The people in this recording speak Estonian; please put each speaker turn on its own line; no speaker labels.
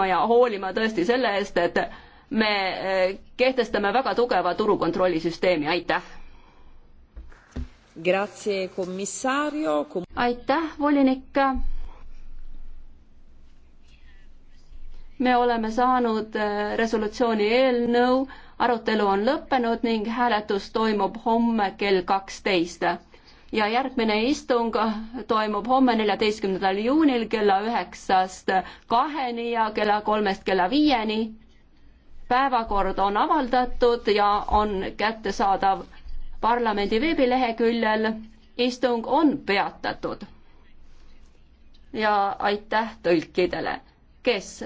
võtma ja hoolima tõesti selle eest, et me eh, kehtestame väga tugeva turukontrolli süsteemi, aitäh! Grazie, Kom... aitäh, volinik! me oleme saanud eh, resolutsiooni eelnõu, arutelu on lõppenud ning hääletus toimub homme kell kaksteist ja järgmine istung toimub homme, neljateistkümnendal juunil kella üheksast kaheni ja kella kolmest kella viieni. päevakord on avaldatud ja on kättesaadav parlamendi veebileheküljel. istung on peatatud. ja aitäh tõlkidele, kes